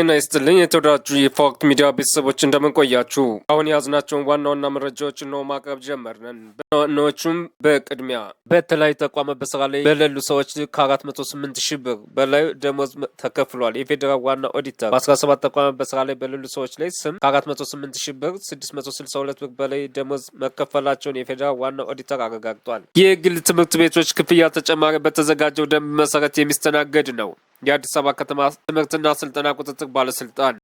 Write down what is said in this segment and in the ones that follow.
ጤና ይስጥልኝ የተወዳጁ የፎወቅት ሚዲያ ቤተሰቦች እንደምንቆያችሁ። አሁን የያዝናቸውን ዋና ዋና መረጃዎች ነው ማቅረብ ጀመርነን። በዋናዎቹም በቅድሚያ በተለያዩ ተቋማት በስራ ላይ በሌሉ ሰዎች ከ408 ሺህ ብር በላይ ደሞዝ ተከፍሏል። የፌዴራል ዋና ኦዲተር በ17 ተቋማት በስራ ላይ በሌሉ ሰዎች ላይ ስም ከ408 ሺህ ብር 662 ብር በላይ ደሞዝ መከፈላቸውን የፌዴራል ዋና ኦዲተር አረጋግጧል። የግል ትምህርት ቤቶች ክፍያ ተጨማሪ በተዘጋጀው ደንብ መሰረት የሚስተናገድ ነው። የአዲስ አበባ ከተማ ትምህርትና ስልጠና ቁጥጥር ባለስልጣን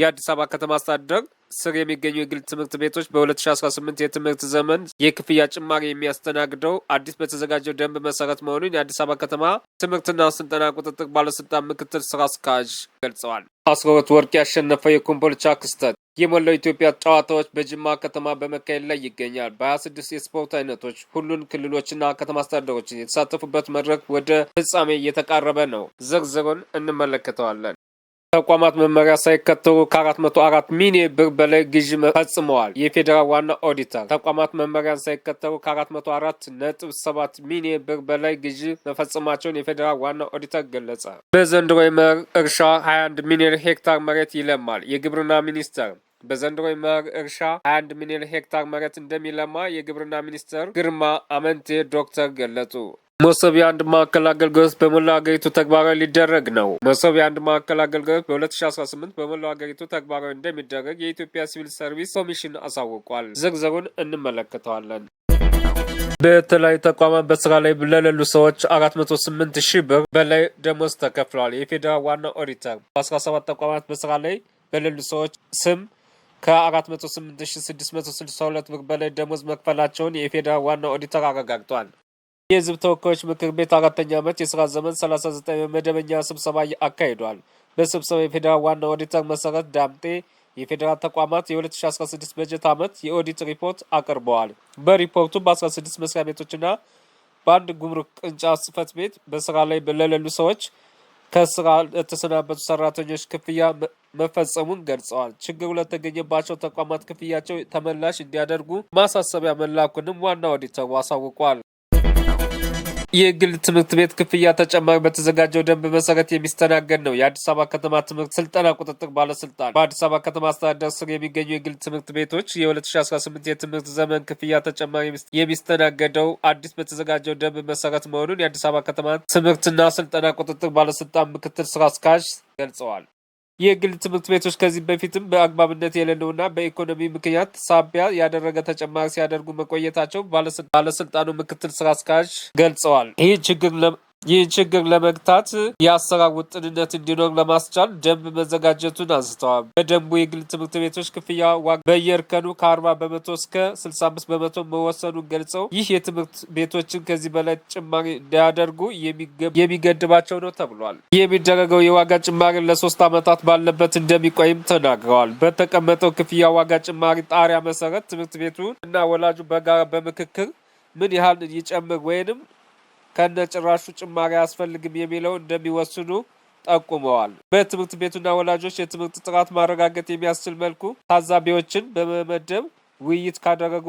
የአዲስ አበባ ከተማ አስተዳደር ስር የሚገኙ የግል ትምህርት ቤቶች በ2018 የትምህርት ዘመን የክፍያ ጭማሪ የሚያስተናግደው አዲስ በተዘጋጀው ደንብ መሰረት መሆኑን የአዲስ አበባ ከተማ ትምህርትና ስልጠና ቁጥጥር ባለስልጣን ምክትል ስራ አስኪያጅ ገልጸዋል። አስራ ሁለት ወርቅ ያሸነፈው የኮምቦልቻ ክስተት የሞላው ኢትዮጵያ ጨዋታዎች በጅማ ከተማ በመካሄድ ላይ ይገኛል። በ26 የስፖርት አይነቶች ሁሉን ክልሎችና ከተማ አስተዳደሮችን የተሳተፉበት መድረክ ወደ ፍጻሜ እየተቃረበ ነው። ዝርዝሩን እንመለከተዋለን። ተቋማት መመሪያ ሳይከተሉ ከ404 ሚሊዮን ብር በላይ ግዢ ፈጽመዋል። የፌዴራል ዋና ኦዲተር ተቋማት መመሪያን ሳይከተሉ ከ404 ነጥብ 7 ሚሊዮን ብር በላይ ግዢ መፈጸማቸውን የፌዴራል ዋና ኦዲተር ገለጸ። በዘንድሮ የመኸር እርሻ 21 ሚሊዮን ሄክታር መሬት ይለማል። የግብርና ሚኒስቴር በዘንድሮ የመኸር እርሻ 21 ሚሊዮን ሄክታር መሬት እንደሚለማ የግብርና ሚኒስትር ግርማ አመንቴ ዶክተር ገለጹ። መሶብ የአንድ ማዕከል አገልግሎት በመላው ሀገሪቱ ተግባራዊ ሊደረግ ነው። መሶብ የአንድ ማዕከል አገልግሎት በ2018 በመላው ሀገሪቱ ተግባራዊ እንደሚደረግ የኢትዮጵያ ሲቪል ሰርቪስ ኮሚሽን አሳውቋል። ዝርዝሩን እንመለከተዋለን። በተለያዩ ተቋማት በስራ ላይ ለሌሉ ሰዎች 408 ሺህ ብር በላይ ደሞዝ ተከፍሏል። የፌዴራል ዋና ኦዲተር በ17 ተቋማት በስራ ላይ በሌሉ ሰዎች ስም ከ48662 ብር በላይ ደሞዝ መክፈላቸውን የፌዴራል ዋና ኦዲተር አረጋግጧል። የህዝብ ተወካዮች ምክር ቤት አራተኛ ዓመት የሥራ ዘመን 39 መደበኛ ስብሰባ አካሂዷል። በስብሰባ የፌዴራል ዋና ኦዲተር መሰረት ዳምጤ የፌዴራል ተቋማት የ2016 በጀት ዓመት የኦዲት ሪፖርት አቅርበዋል። በሪፖርቱ በ16 መስሪያ ቤቶችና በአንድ ጉምሩክ ቅርንጫፍ ጽህፈት ቤት በስራ ላይ ለሌሉ ሰዎች ከስራ ለተሰናበቱ ሰራተኞች ክፍያ መፈጸሙን ገልጸዋል። ችግሩ ለተገኘባቸው ተቋማት ክፍያቸው ተመላሽ እንዲያደርጉ ማሳሰቢያ መላኩንም ዋና ኦዲተሩ አሳውቋል። የግል ትምህርት ቤት ክፍያ ተጨማሪ በተዘጋጀው ደንብ መሰረት የሚስተናገድ ነው። የአዲስ አበባ ከተማ ትምህርት ስልጠና ቁጥጥር ባለስልጣን በአዲስ አበባ ከተማ አስተዳደር ስር የሚገኙ የግል ትምህርት ቤቶች የ2018 የትምህርት ዘመን ክፍያ ተጨማሪ የሚስተናገደው አዲስ በተዘጋጀው ደንብ መሰረት መሆኑን የአዲስ አበባ ከተማ ትምህርትና ስልጠና ቁጥጥር ባለስልጣን ምክትል ስራ አስኪያጅ ገልጸዋል። የግል ትምህርት ቤቶች ከዚህ በፊትም በአግባብነት የሌለውና በኢኮኖሚ ምክንያት ሳቢያ ያደረገ ተጨማሪ ሲያደርጉ መቆየታቸው ባለስልጣኑ ምክትል ስራ አስኪያጅ ገልጸዋል። ይህ ችግር ይህን ችግር ለመግታት የአሰራር ውጥንነት እንዲኖር ለማስቻል ደንብ መዘጋጀቱን አንስተዋል። በደንቡ የግል ትምህርት ቤቶች ክፍያ ዋጋ በየእርከኑ ከ40 በመቶ እስከ 65 በመቶ መወሰኑን ገልጸው ይህ የትምህርት ቤቶችን ከዚህ በላይ ጭማሪ እንዳያደርጉ የሚገድባቸው ነው ተብሏል። ይህ የሚደረገው የዋጋ ጭማሪ ለሶስት ዓመታት ባለበት እንደሚቆይም ተናግረዋል። በተቀመጠው ክፍያ ዋጋ ጭማሪ ጣሪያ መሰረት ትምህርት ቤቱ እና ወላጁ በጋራ በምክክር ምን ያህል ይጨምር ወይንም ከነ ጭራሹ ጭማሪ አያስፈልግም የሚለው እንደሚወስኑ ጠቁመዋል። በትምህርት ቤቱና ወላጆች የትምህርት ጥራት ማረጋገጥ የሚያስችል መልኩ ታዛቢዎችን በመመደብ ውይይት ካደረጉ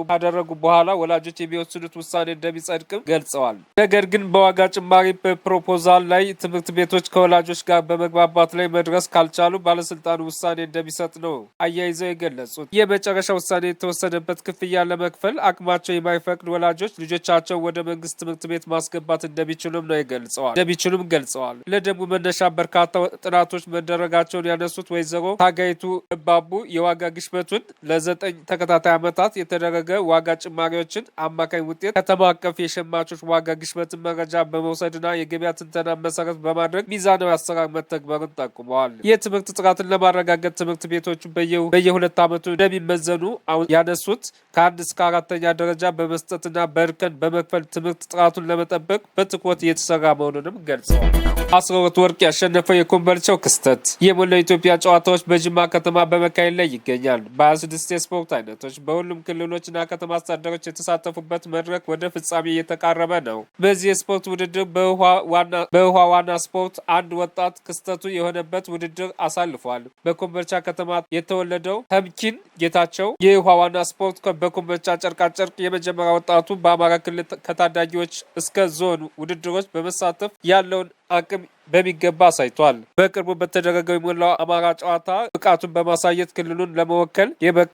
በኋላ ወላጆች የሚወስዱት ውሳኔ እንደሚጸድቅም ገልጸዋል። ነገር ግን በዋጋ ጭማሪ በፕሮፖዛል ላይ ትምህርት ቤቶች ከወላጆች ጋር በመግባባት ላይ መድረስ ካልቻሉ ባለስልጣኑ ውሳኔ እንደሚሰጥ ነው አያይዘው የገለጹት። የመጨረሻ ውሳኔ የተወሰደበት ክፍያ ለመክፈል አቅማቸው የማይፈቅድ ወላጆች ልጆቻቸው ወደ መንግስት ትምህርት ቤት ማስገባት እንደሚችሉም ነው ገልጸዋል እንደሚችሉም ገልጸዋል። ለደንቡ መነሻ በርካታ ጥናቶች መደረጋቸውን ያነሱት ወይዘሮ ታጋይቱ እባቡ የዋጋ ግሽበቱን ለዘጠኝ ተከታታይ ዓመታት የተደረገ ዋጋ ጭማሪዎችን አማካኝ ውጤት ከተማ አቀፍ የሸማቾች ዋጋ ግሽበትን መረጃ በመውሰድና የገበያ ትንተና መሰረት በማድረግ ሚዛናዊ አሰራር መተግበርን ጠቁመዋል። የትምህርት ጥራትን ለማረጋገጥ ትምህርት ቤቶቹ በየሁለት ዓመቱ እንደሚመዘኑ ያነሱት ከአንድ እስከ አራተኛ ደረጃ በመስጠትና በእርከን በመክፈል ትምህርት ጥራቱን ለመጠበቅ በትኩረት እየተሰራ መሆኑንም ገልጸዋል። አስራሁለት ወርቅ ያሸነፈው የኮምቦልቻው ክስተት የሞላው ኢትዮጵያ ጨዋታዎች በጅማ ከተማ በመካሄድ ላይ ይገኛል። በ26 የስፖርት አይነቶች በሁሉም ክልሎችና ከተማ አስተዳደሮች የተሳተፉበት መድረክ ወደ ፍጻሜ እየተቃረበ ነው። በዚህ የስፖርት ውድድር በውሃ ዋና ስፖርት አንድ ወጣት ክስተቱ የሆነበት ውድድር አሳልፏል። በኮምቦልቻ ከተማ የተወለደው ተምኪን ጌታቸው የውሃ ዋና ስፖርት በኮምቦልቻ ጨርቃጨርቅ የመጀመሪያ ወጣቱ በአማራ ክልል ከታዳጊዎች እስከ ዞን ውድድሮች በመሳተፍ ያለውን አቅም በሚገባ አሳይቷል። በቅርቡ በተደረገው የሞላው አማራ ጨዋታ ብቃቱን በማሳየት ክልሉን ለመወከል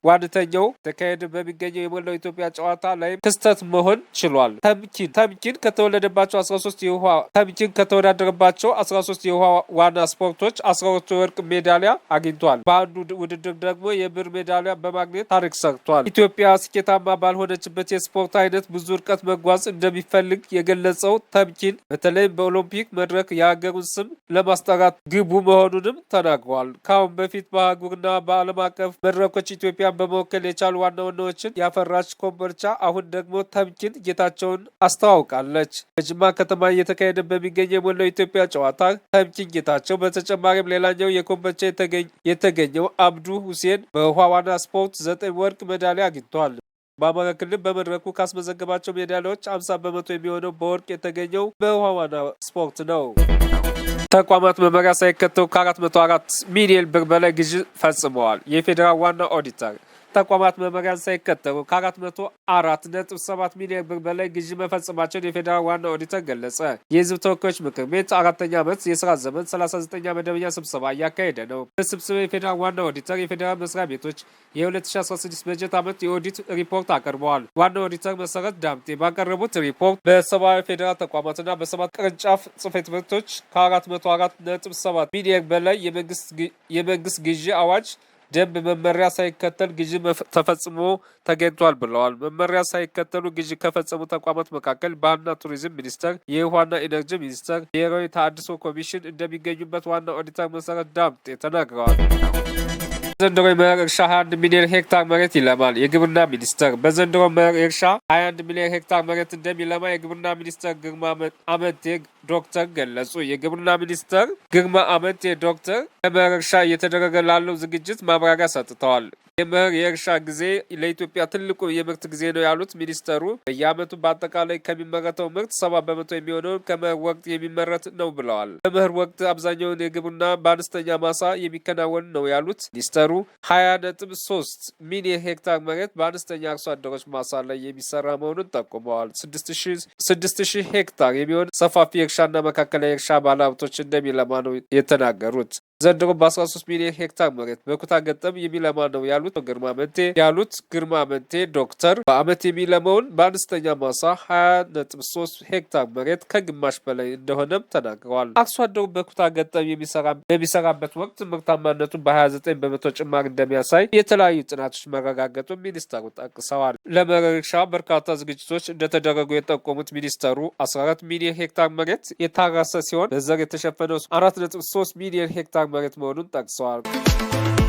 ዋነተኛው ተካሄድ በሚገኘው የሞላው ኢትዮጵያ ጨዋታ ላይም ክስተት መሆን ችሏል። ተምኪን ተምኪን ከተወለደባቸው 13 የውሃ ተምኪን ከተወዳደረባቸው 13 የውሃ ዋና ስፖርቶች 12 የወርቅ ሜዳሊያ አግኝቷል። በአንዱ ውድድር ደግሞ የብር ሜዳሊያ በማግኘት ታሪክ ሰርቷል። ኢትዮጵያ ስኬታማ ባልሆነችበት የስፖርት አይነት ብዙ እርቀት መጓዝ እንደሚፈልግ የገለጸው ተምኪን በተለይም በኦሎምፒክ መድረክ የሀገሩን የክለቡን ስም ለማስጠራት ግቡ መሆኑንም ተናግሯል። ከአሁን በፊት በአህጉርና በዓለም አቀፍ መድረኮች ኢትዮጵያን በመወከል የቻሉ ዋና ዋናዎችን ያፈራች ኮምቦልቻ አሁን ደግሞ ተምኪን ጌታቸውን አስተዋውቃለች። በጅማ ከተማ እየተካሄደ በሚገኝ የሞላው ኢትዮጵያ ጨዋታ ተምኪን ጌታቸው በተጨማሪም ሌላኛው የኮምቦልቻ የተገኘው አብዱ ሁሴን በውሃ ዋና ስፖርት ዘጠኝ ወርቅ ሜዳሊያ አግኝቷል። በአማራ ክልል በመድረኩ ካስመዘገባቸው ሜዳሊያዎች አምሳ በመቶ የሚሆነው በወርቅ የተገኘው በውሃ ዋና ስፖርት ነው። ተቋማት መመሪያ ሳይከተሉ ከ404 ሚሊዮን ብር በላይ ግዥ ፈጽመዋል። የፌዴራል ዋና ኦዲተር ተቋማት መመሪያን ሳይከተሉ ከ404.7 ሚሊዮን ብር በላይ ግዢ መፈጸማቸውን የፌዴራል ዋና ኦዲተር ገለጸ። የህዝብ ተወካዮች ምክር ቤት አራተኛ ዓመት የስራ ዘመን 39ኛ መደበኛ ስብሰባ እያካሄደ ነው። በስብሰባው የፌዴራል ዋና ኦዲተር የፌዴራል መስሪያ ቤቶች የ2016 በጀት ዓመት የኦዲት ሪፖርት አቅርበዋል። ዋና ኦዲተር መሰረት ዳምጤ ባቀረቡት ሪፖርት በሰብአዊ ፌዴራል ተቋማትና በሰባት ቅርንጫፍ ጽህፈት ቤቶች ከ404.7 ሚሊዮን በላይ የመንግስት ግዢ አዋጅ ደንብ መመሪያ ሳይከተል ግዢ ተፈጽሞ ተገኝቷል ብለዋል። መመሪያ ሳይከተሉ ግዢ ከፈጸሙ ተቋማት መካከል ባህልና ቱሪዝም ሚኒስቴር፣ የውሃና ኢነርጂ ሚኒስቴር፣ ብሔራዊ ተሃድሶ ኮሚሽን እንደሚገኙበት ዋና ኦዲተር መሰረት ዳምጤ ተናግረዋል። ዘንድሮ መኸር እርሻ 21 ሚሊዮን ሄክታር መሬት ይለማል። የግብርና ሚኒስቴር በዘንድሮ መኸር እርሻ 21 ሚሊዮን ሄክታር መሬት እንደሚለማ የግብርና ሚኒስቴር ግርማ አመቴ ዶክተር ገለጹ። የግብርና ሚኒስቴር ግርማ አመቴ ዶክተር ለመኸር እርሻ እየተደረገ ላለው ዝግጅት ማብራሪያ ሰጥተዋል። የመኸር የእርሻ ጊዜ ለኢትዮጵያ ትልቁ የምርት ጊዜ ነው ያሉት ሚኒስተሩ በየዓመቱ በአጠቃላይ ከሚመረተው ምርት ሰባ በመቶ የሚሆነውን ከመኸር ወቅት የሚመረት ነው ብለዋል። በመኸር ወቅት አብዛኛውን የግብርና በአነስተኛ ማሳ የሚከናወን ነው ያሉት ሚኒስተሩ ሀያ ነጥብ ሶስት ሚሊዮን ሄክታር መሬት በአነስተኛ አርሶ አደሮች ማሳ ላይ የሚሰራ መሆኑን ጠቁመዋል። ስድስት ሺህ ሄክታር የሚሆን ሰፋፊ እርሻና መካከለ እርሻ ባለሀብቶች እንደሚለማ ነው የተናገሩት። ዘንድሮ በ13 ሚሊዮን ሄክታር መሬት በኩታ ገጠም የሚለማ ነው ያሉት ግርማ መንቴ ያሉት ግርማ መንቴ ዶክተር በአመት የሚለመውን በአነስተኛ ማሳ 20.3 ሄክታር መሬት ከግማሽ በላይ እንደሆነም ተናግረዋል። አርሶ አደሩ በኩታ ገጠም በሚሰራበት ወቅት ምርታማነቱን በ29 በመቶ ጭማሪ እንደሚያሳይ የተለያዩ ጥናቶች መረጋገጡ ሚኒስተሩ ጠቅሰዋል። ለመረሻ በርካታ ዝግጅቶች እንደተደረጉ የጠቆሙት ሚኒስተሩ 14 ሚሊዮን ሄክታር መሬት የታረሰ ሲሆን በዘር የተሸፈነው 4.3 ሚሊዮን ሄክታር መሬት መሆኑን ጠቅሰዋል።